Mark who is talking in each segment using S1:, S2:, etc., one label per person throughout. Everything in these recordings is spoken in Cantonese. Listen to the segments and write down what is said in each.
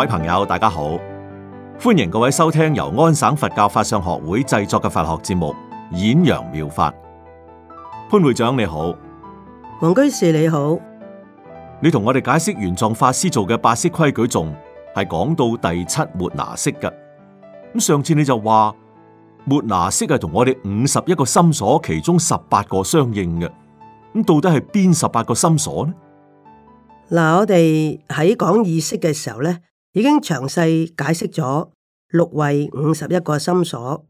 S1: 各位朋友，大家好，歡迎各位收聽由安省佛教法相學會製作嘅佛學節目《演揚妙法》。潘會長你好，
S2: 黃居士你好，
S1: 你同我哋解釋玄奘法師做嘅八識規矩頌係講到第七末那識嘅，咁上次你就話末那識係同我哋五十一個心所其中十八個相應嘅，咁到底係邊十八個心所呢？
S2: 嗱，我哋喺講意識嘅時候咧。已經詳細解釋咗六位五十一個心所。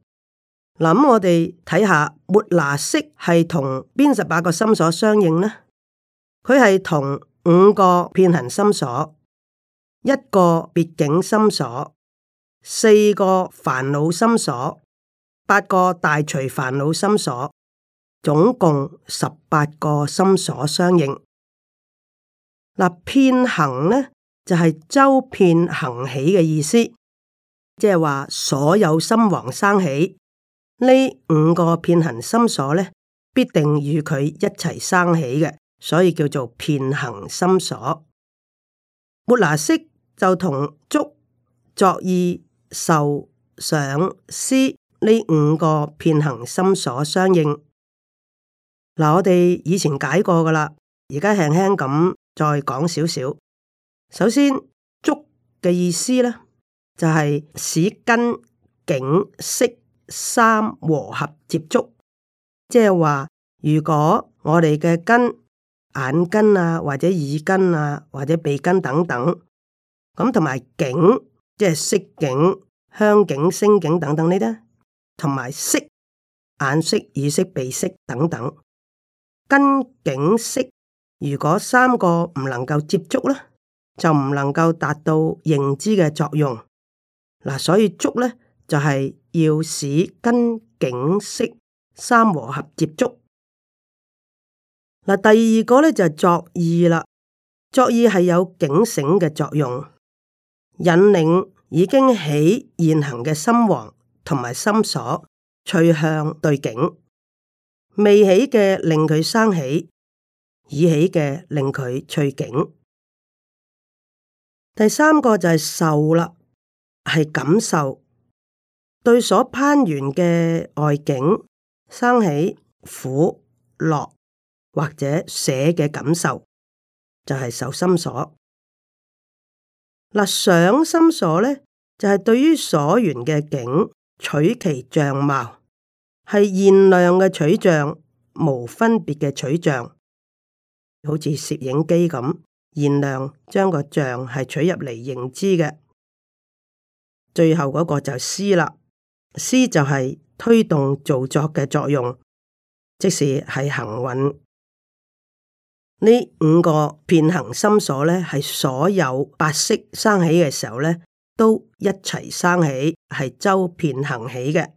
S2: 嗱，咁我哋睇下末那識係同邊十八個心所相應呢？佢係同五個遍行心所，一個別境心所，四個煩惱心所，八個大隨煩惱心所，總共十八個心所相應。嗱，遍行呢？就係周遍行起嘅意思，即係話所有心王生起呢五個遍行心所咧，必定與佢一齊生起嘅，所以叫做遍行心所。末那識就同觸作意受想思呢五個遍行心所相應。嗱，我哋以前解過噶啦，而家輕輕咁再講少少。首先，觸嘅意思咧，就係、是、使根、境、識三和合接觸。即係話，如果我哋嘅根、眼根啊，或者耳根啊，或者鼻根啊，或者鼻根等等，咁同埋境，即係色境、香境、聲境等等呢啲，同埋識、眼識、耳識、鼻識、鼻識等等，根、境、識如果三個唔能夠接觸咧。就唔能夠達到認知嘅作用，嗱，所以觸咧就係、是、要使根境、識三和合接觸。嗱，第二個咧就是、作意啦，作意係有警醒嘅作用，引領已經起現行嘅心王同埋心所趣向對境，未起嘅令佢生起，已起嘅令佢趣境。第三個就係受啦，係感受對所攀緣嘅外境生起苦、樂或者捨嘅感受，就係、是、受心所。嗱，想心所呢，就係、是、對於所緣嘅境取其相貌，係現量嘅取像，無分別嘅取像，好似攝影機咁。賢良將個像係取入嚟認知嘅，最後嗰個就係思啦。思就係推動造作嘅作用，即使是係行蘊。呢五個遍行心所咧，係所有八識生起嘅時候咧，都一齊生起，係周遍行起嘅。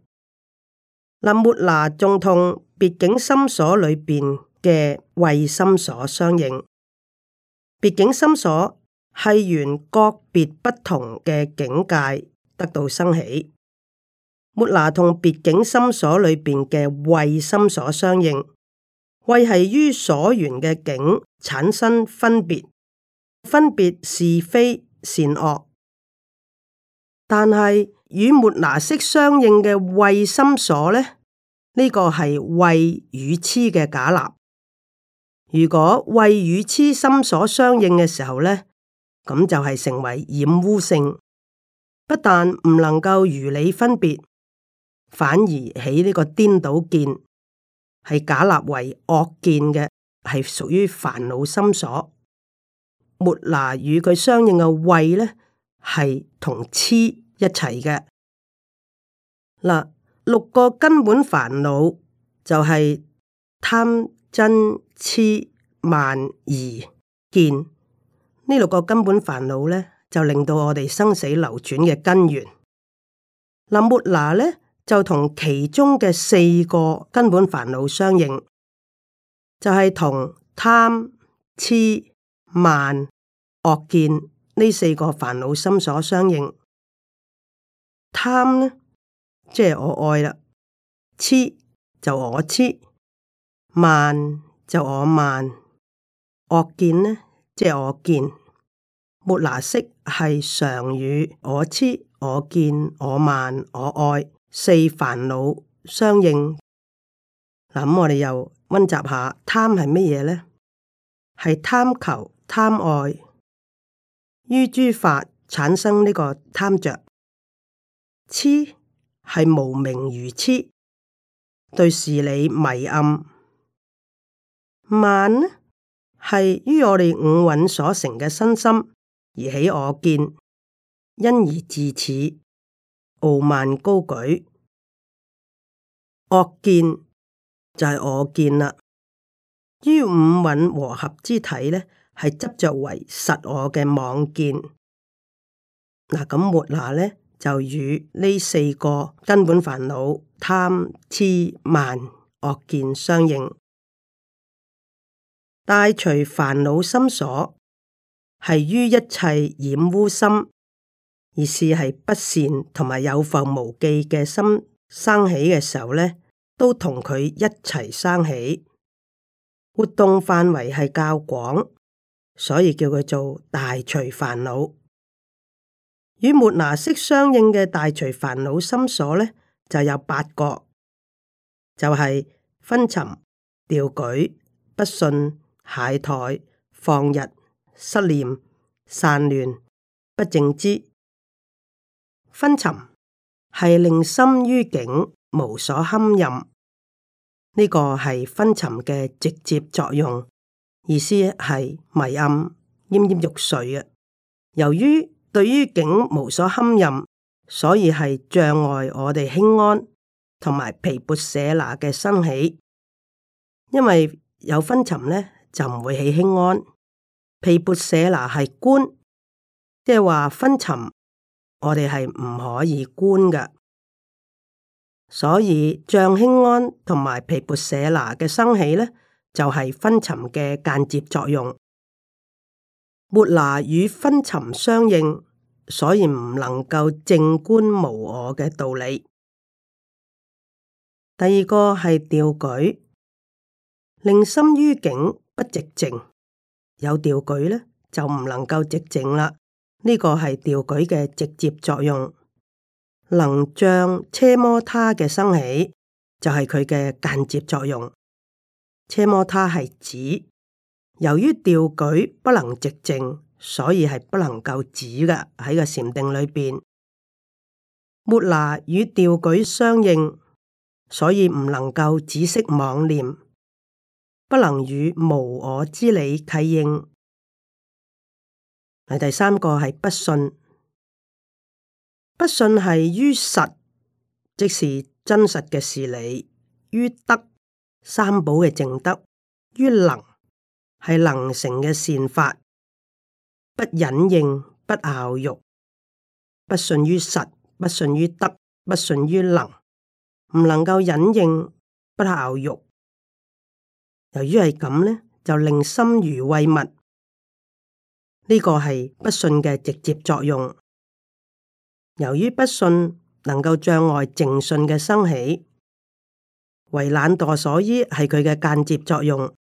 S2: 那末那仲同別境心所裏邊嘅慧心所相應。別境心所係緣各別不同嘅境界得到生起，末那同別境心所裏邊嘅慧心所相應，慧係於所緣嘅境產生分別，分別是非善惡。但係與末那識相應嘅慧心所呢？呢個係慧與痴嘅假立。如果慧與癡心所相應嘅時候咧，咁就係成為染污性，不但唔能夠如理分別，反而起呢個顛倒見，係假立為惡見嘅，係屬於煩惱心所。末那與佢相應嘅慧咧，係同癡一齊嘅。嗱，六個根本煩惱就係貪真、癡、慢、疑、見，呢六個根本煩惱呢，就令到我哋生死流轉嘅根源。那末那呢，就同其中嘅四個根本煩惱相應，就係、是、同貪、癡、慢、惡見呢四個煩惱心所相應。貪呢，即係我愛啦；癡就我癡，慢。就我慢惡見呢，即係我見，末那識係常與我痴、我見、我慢、我愛四煩惱相應。嗱，咁我哋又溫習下貪係乜嘢呢？係貪求貪愛於諸法產生呢個貪着，痴係無明愚癡，對事理迷暗。慢呢，係於我哋五蘊所成嘅身心而起我見，因而至此傲慢高舉，惡見就係、是、我見啦。於五蘊和合之體呢，係執着為實我嘅妄見。嗱，咁末那呢，就與呢四個根本煩惱貪、癡、慢、惡見相應。大隨煩惱心所係於一切染污心，而是係不善同埋有覆無記嘅心生起嘅時候咧，都同佢一齊生起。活動範圍係較廣，所以叫佢做大隨煩惱。與末那識相應嘅大隨煩惱心所咧，就有八個，就係、是、昏沉、掉舉、不信。懈怠、放逸、失念、散亂、不正知。昏沉係令心於境無所堪任呢、這個係昏沉嘅直接作用，意思係迷暗奄奄欲睡啊！由於對於境無所堪任，所以係障礙我哋輕安同埋毗缽舍那嘅生起，因為有昏沉呢。就唔會起輕安，毗缽舍那係觀，即係話昏沉，我哋係唔可以觀嘅，所以象輕安同埋毗缽舍那嘅生起呢，就係昏沉嘅間接作用。末那與昏沉相應，所以唔能夠正觀無我嘅道理。第二個係掉舉，令心於境。不寂靜有掉舉呢，就唔能夠寂靜啦。呢、這個係掉舉嘅直接作用，能障奢摩他嘅升起，就係佢嘅間接作用。奢摩他係止，由於掉舉不能寂靜，所以係不能夠止噶。喺個禪定裏邊，末那與掉舉相應，所以唔能夠止息妄念。不能與無我之理契應。第三個係不信，不信係於實，即是真實嘅事理；於德三寶嘅正德；於能係能成嘅善法。不忍應，不咬欲，不信於實，不信於德，不信於能，唔能夠忍應，不咬欲。由於係咁呢，就令心如畏物，呢、這個係不信嘅直接作用。由於不信能夠障礙淨信嘅生起，為懶惰所依，係佢嘅間接作用。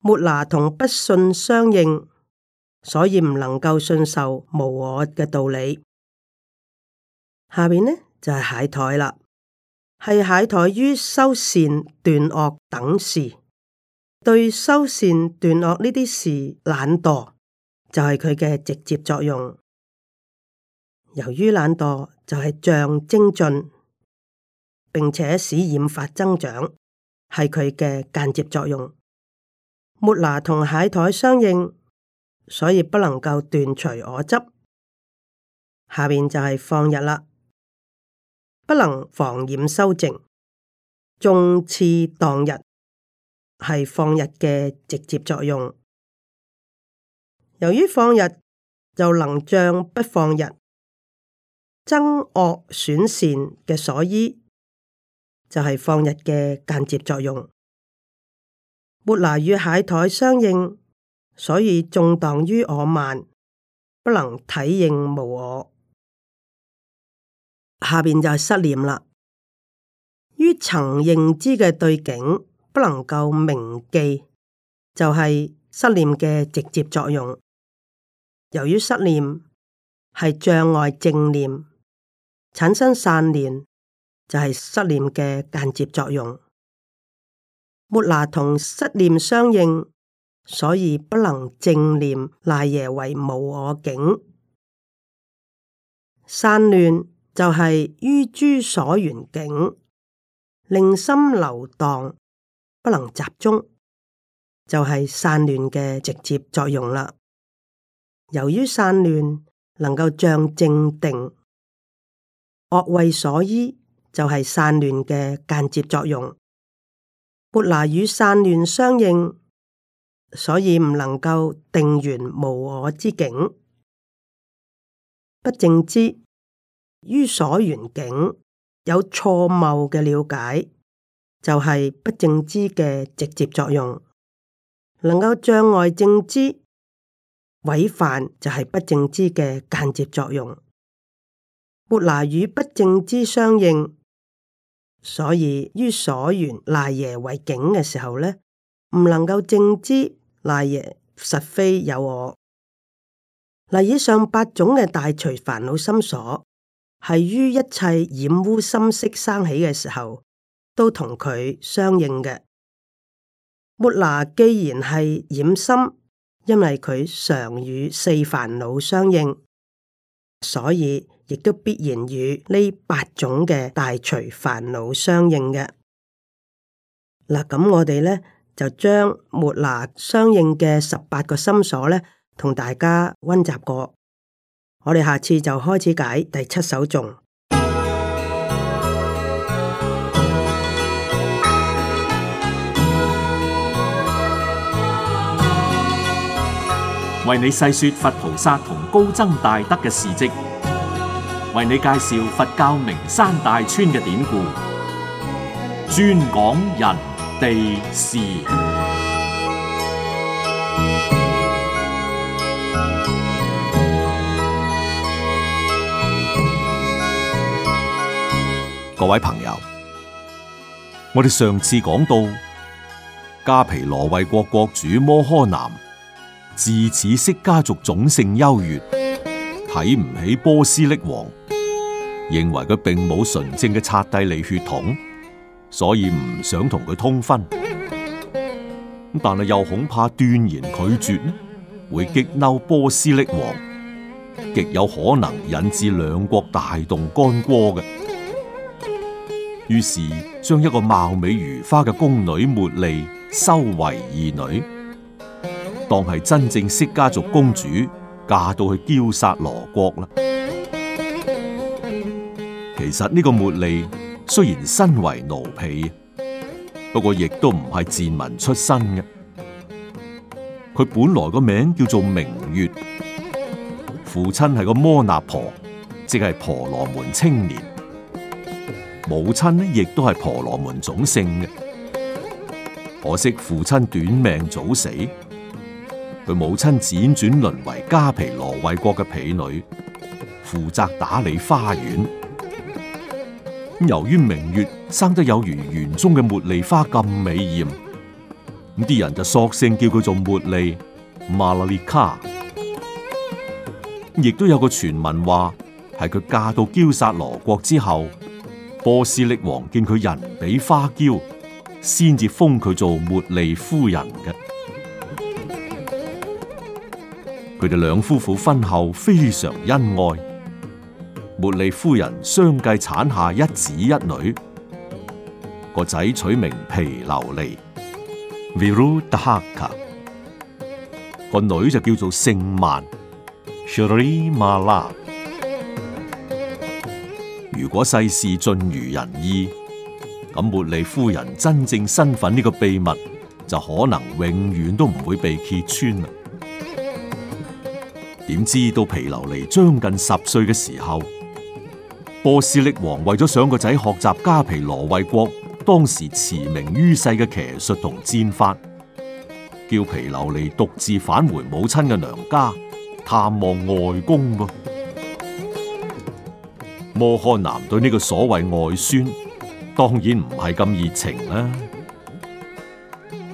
S2: 末那同不信相應，所以唔能夠信受無我嘅道理。下面呢，就係、是、懈怠啦。係懈怠於修善斷惡等事，對修善斷惡呢啲事懶惰，就係佢嘅直接作用。由於懶惰，就係障精進，並且使染法增長，係佢嘅間接作用。末那同懈怠相應，所以不能夠斷除我執。下面就係放逸啦。不能防染修淨，縱恣蕩逸，係放逸嘅直接作用。由於放逸就能障不放逸增惡損善嘅所依，就係、是、放逸嘅間接作用。末那與懈怠相應，所以縱蕩於我慢，不能體應無我。下邊就係失念啦，於曾認知嘅對境不能夠明記，就係、是、失念嘅直接作用。由於失念係障礙正念，產生散念，就係、是、失念嘅間接作用。末那同失念相應，所以不能正念賴耶為無我境，散亂。就係於諸所緣境，令心流蕩，不能集中，就係、是、散亂嘅直接作用啦。由於散亂能夠障正定，惡慧所依，就係散亂嘅間接作用。末那與散亂相應，所以唔能夠定完無我之境，不正知。於所緣境有錯謬嘅了解，就係、是、不正知嘅直接作用；能夠障礙正知違犯，違就係不正知嘅間接作用。末那與不正知相應，所以於所緣賴耶為境嘅時候咧，唔能夠正知賴耶實非有我。嗱，以上八種嘅大隨煩惱心所。係於一切染污心識生起嘅時候，都同佢相應嘅。末那既然係染心，因為佢常與四煩惱相應，所以亦都必然與呢八種嘅大隨煩惱相應嘅。嗱，咁我哋咧就將末那相應嘅十八個心所咧，同大家溫習過。我哋下次就開始解第七首頌。
S1: 為你細說佛菩薩同高僧大德嘅事迹，為你介紹佛教名山大川嘅典故，專講人地事。各位朋友，我哋上次講到迦毗羅衛國國主摩訶男，自此式家族種姓優越，睇唔起波斯匿王，認為佢並冇純正嘅剎帝利血統，所以唔想同佢通婚。咁但係又恐怕斷然拒絕，會激嬲波斯匿王，極有可能引致兩國大動干戈嘅。於是將一個貌美如花嘅宮女茉莉收為義女，當係真正釋迦族公主，嫁到去憍薩羅國啦。其實呢個茉莉雖然身為奴婢，不過亦都唔係賤民出身嘅。佢本來個名叫做明月，父親係個摩納婆，即係婆羅門青年。母親咧亦都係婆羅門種姓嘅，可惜父親短命早死，佢母親輾轉淪為加皮羅衛國嘅婢女，負責打理花園。由於明月生得有如園中嘅茉莉花咁美艷，咁啲人就索性叫佢做茉莉 Malika 亦都有個傳聞話，係佢嫁到嬌薩羅國之後。波斯匿王見佢人比花嬌，先至封佢做茉莉夫人嘅。佢哋兩夫婦婚後非常恩愛，茉莉夫人相繼產下一子一女。個仔取名毗琉璃 （Virudhaka），個女就叫做聖曼 （Shrimala）。如果世事盡如人意，咁茉莉夫人真正身份呢個秘密就可能永遠都唔會被揭穿啦。點知到毗琉璃將近十歲嘅時候，波斯匿王為咗想個仔學習迦毘羅衛國當時馳名於世嘅騎術同戰法，叫毗琉璃獨自返回母親嘅娘家探望外公噃。摩訶男對呢個所謂外孫當然唔係咁熱情啦，啊，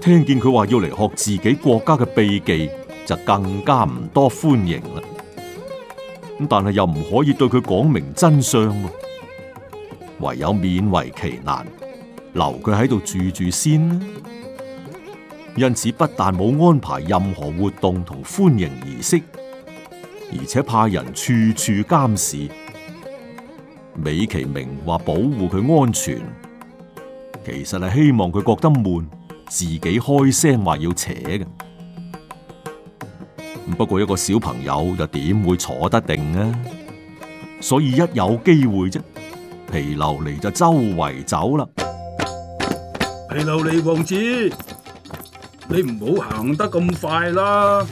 S1: 聽見佢話要嚟學自己國家嘅秘技就更加唔多歡迎啦。咁但係又唔可以對佢講明真相，啊，唯有勉為其難留佢喺度住住先，啊。因此不但冇安排任何活動同歡迎儀式，而且派人處處監視。美其名話保護佢安全，其實係希望佢覺得悶，自己開聲話要扯嘅。不過一個小朋友又點會坐得定呢、啊？所以一有機會啫，毗琉璃就周圍走啦。毗
S3: 琉璃王子，你唔好行得咁快啦，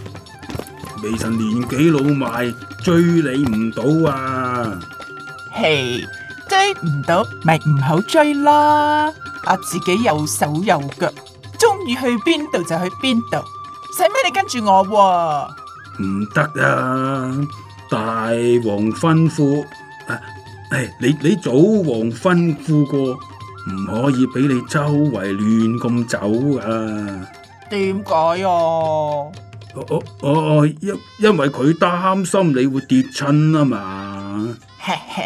S3: 微臣年紀老邁，追你唔到啊！
S4: 追唔到咪唔好追啦！我自己又手又腳，中意去邊度就去邊度，使咩你跟住我？唔
S3: 得啊！大王吩咐，誒，你你早王吩咐過，唔可以俾你周圍亂咁走啊！
S4: 點解啊？哦哦
S3: 哦，因因為佢擔心你會跌親啊嘛。嘿嘿。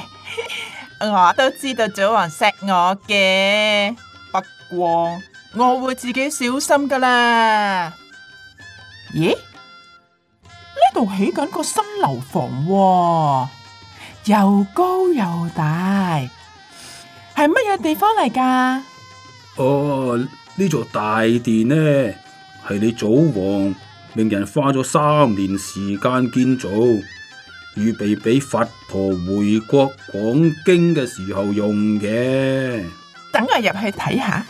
S4: 我都知道祖王錫我嘅，不過我會自己小心噶啦。
S2: 咦？
S4: 呢度起緊個新樓房，哦，又高又大，係乜嘢地方嚟噶？哦、
S3: 呃，呢座大殿呢，係你祖王令人花咗三年時間建造。預備俾佛陀回國講經嘅時候用嘅。
S4: 等我入去睇下。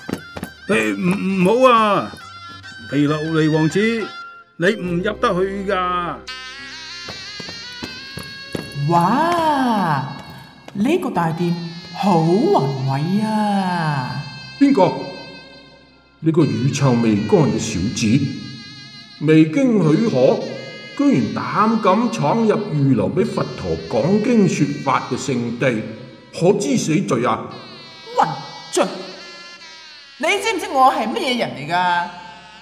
S3: 誒，唔唔好啊，毗琉璃王子，你唔入得去噶。
S4: 哇，呢個大殿好宏偉啊！邊個？
S5: 呢個乳臭未乾嘅小子，未經許可，居然膽敢闖入預留俾佛陀講經説法嘅聖地，可知死罪啊！
S4: 混帳！你知唔知我係乜嘢人嚟㗎？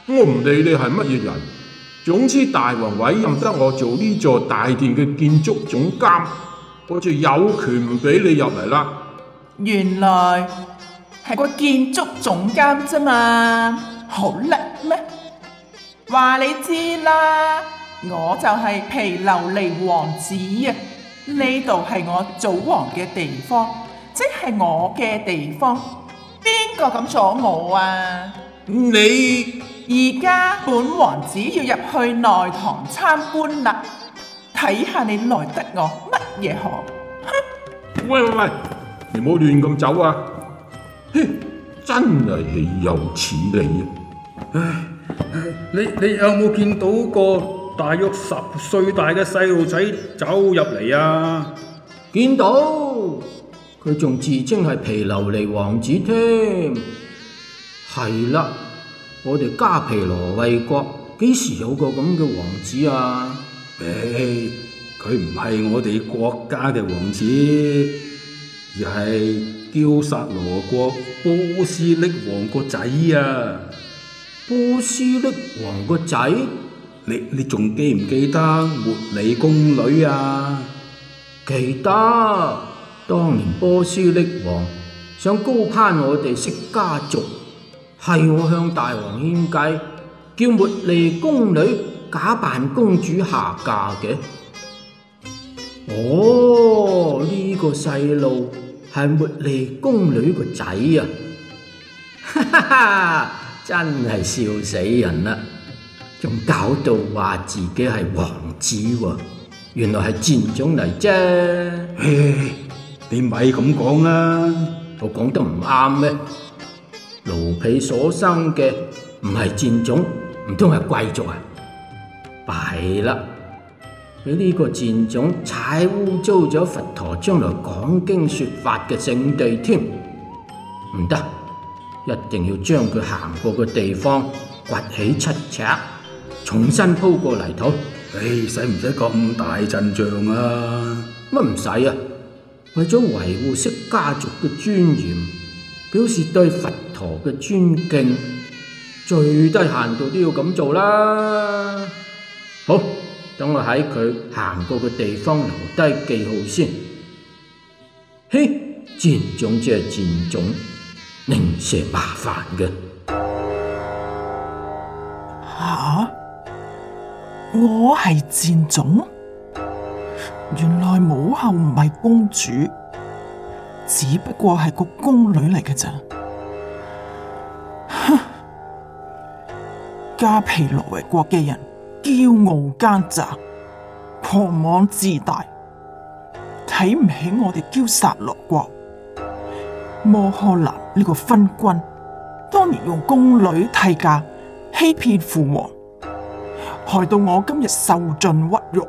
S4: 我
S5: 唔理你係乜嘢人，總之大王委任得我做呢座大殿嘅建築總監，我就有權唔俾
S3: 你入嚟啦。
S4: 原來係個建築總監啫嘛，好叻咩？話你知啦。我就係毗琉璃王子啊！呢度係我祖皇嘅地方，即係我嘅地方，邊個敢阻我啊？你而家本王子要入去內堂參觀啦，睇下你來得我乜嘢學？哼！
S5: 喂喂喂，你唔好亂咁走啊！哼，真係豈有此理啊！唉，
S3: 你你有冇見到過？大約十歲大嘅細路仔走入嚟啊！見到
S5: 佢仲自稱係毗琉璃王子添。係啦，我哋迦毗羅衛國幾時有個咁嘅王子啊？
S3: 唉、欸，佢唔係我哋國家嘅王子，而係憍薩羅國波斯匿王個仔啊！
S5: 波斯匿
S3: 王個仔。你你仲記唔記得茉莉宮女啊？記得，
S5: 當年波斯匿王想高攀我哋釋家族，係我向大王獻計，叫茉莉宮女假扮公主下嫁嘅。哦，呢個細路係茉莉宮女個仔啊！哈哈哈，真係笑死人啦！仲搞到話自己係王子喎,原來係賤種嚟啫。嘿嘿,你咪咁講啦,我講得唔啱咩?奴婢所生嘅唔係賤種,唔通係貴族呀?弊喇!畀呢個賤種踩污糟咗佛陀將來講經說法嘅聖地添。唔得,一定要將佢行過嘅地方掘起七尺。重新鋪過泥土，唉、哎，使唔使咁大陣仗啊？乜唔使啊？為咗維護釋家族嘅尊嚴，表示對佛陀嘅尊敬，最低限度都要咁做啦。好，等我喺佢行過嘅地方留低記號先。嘿，賤種即係賤種，零舍麻煩嘅。
S4: 我係賤種，原來母后唔係公主，只不過係個宮女嚟嘅咋。哼，迦毗羅衛國嘅人驕傲奸詐，狂妄自大，睇唔起我哋憍薩羅國。摩訶男呢個昏君，當年用宮女替嫁，欺騙父王。害到我今日受盡屈辱，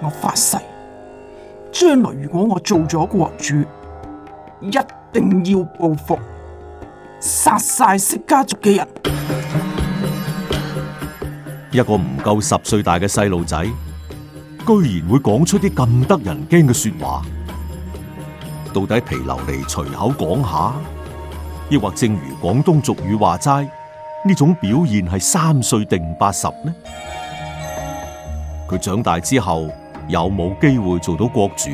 S4: 我發誓，將來如果我做咗國主，一定要報復，殺晒釋迦族嘅人。
S1: 一個唔夠十歲大嘅細路仔，居然會講出啲咁得人驚嘅說話，到底毗琉璃隨口講下，抑或正如廣東俗語話齋？呢種表現係三歲定八十呢？佢長大之後有冇機會做到國主？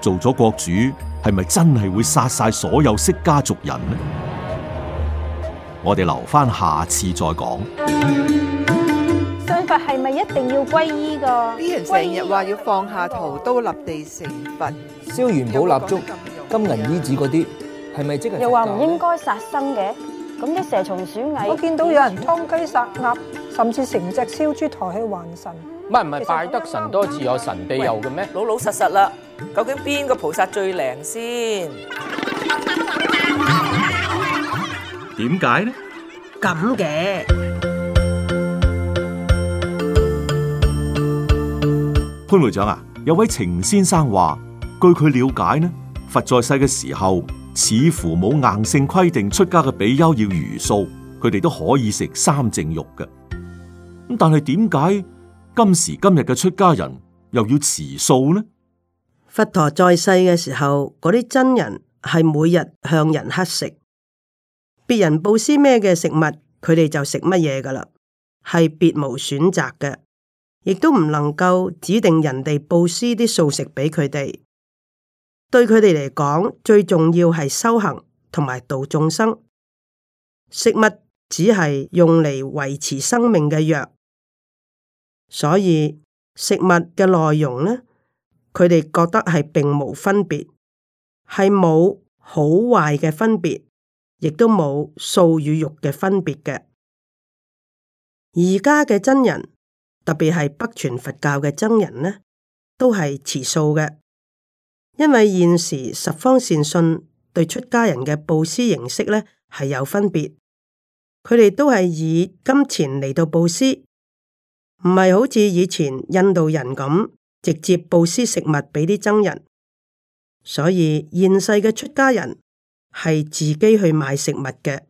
S1: 做咗國主係咪真係會殺晒所有釋迦族人呢？我哋留翻下次再講。
S4: 信佛係咪一定要皈依噶？啲人成日話要放下屠刀醫立地成
S5: 佛，燒元寶蠟燭、金銀衣紙嗰啲，係咪、啊、即係？又話唔應該殺
S2: 生嘅？咁啲蛇蟲鼠蟻，我見到有人劏雞殺鴨，甚至成隻燒豬抬起還神。
S5: 唔係唔係，拜得神多自有神庇佑嘅咩？老老實實啦，
S4: 究竟邊個菩薩最靈先？
S1: 點解呢？
S2: 咁嘅
S1: 潘會長啊，有位程先生話，據佢了解呢，佛在世嘅時候，似乎冇硬性規定出家嘅比丘要茹素，佢哋都可以食三淨肉嘅。咁但係點解今時今日嘅出家人又要持素呢？
S2: 佛陀在世嘅時候，嗰啲僧人係每日向人乞食，別人布施咩嘅食物，佢哋就食乜嘢噶啦，係別無選擇嘅，亦都唔能夠指定人哋布施啲素食俾佢哋。對佢哋嚟講，最重要係修行同埋度眾生。食物只係用嚟維持生命嘅藥，所以食物嘅內容呢，佢哋覺得係並冇分別，係冇好壞嘅分別，亦都冇素與肉嘅分別嘅。而家嘅僧人，特別係北傳佛教嘅僧人呢，都係持素嘅。因為現時十方善信對出家人嘅布施形式呢係有分別，佢哋都係以金錢嚟到布施，唔係好似以前印度人咁直接布施食物畀啲僧人。所以現世嘅出家人係自己去買食物嘅，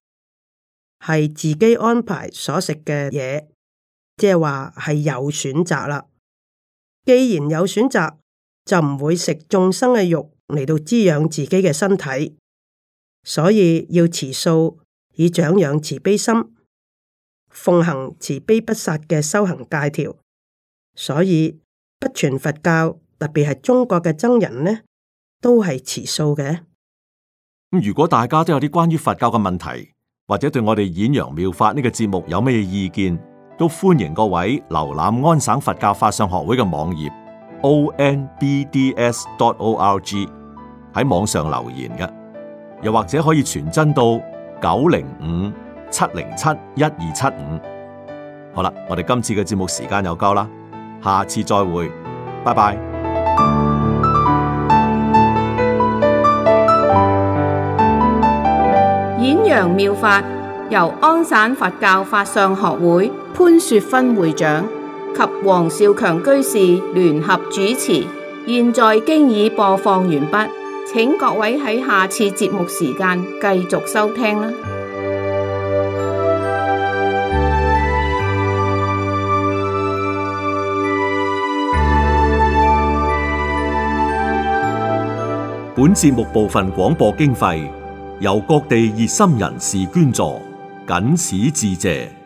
S2: 係自己安排所食嘅嘢，即係話係有選擇啦。既然有選擇。就唔會食眾生嘅肉嚟到滋養自己嘅身體，所以要持素以長養慈悲心，奉行慈悲不殺嘅修行戒條。所以北傳佛教，特別係中國嘅僧人呢，都係持素嘅。
S1: 咁如果大家都有啲關於佛教嘅問題，或者對我哋演揚妙法呢個節目有咩意見，都歡迎各位瀏覽安省佛教法上學會嘅網頁。ONBDS.org 喺網上留言嘅，又或者可以傳真到九零五七零七一二七五。好啦，我哋今次嘅節目時間又夠啦，下次再會，拜拜。
S4: 演揚妙法由安省佛教法相學會潘雪芬會長及黃少強居士聯合主持，現在經已播放完畢，請各位喺下次節目時間繼續收聽啦。
S1: 本節目部分廣播經費由各地熱心
S2: 人士捐助，僅此致謝。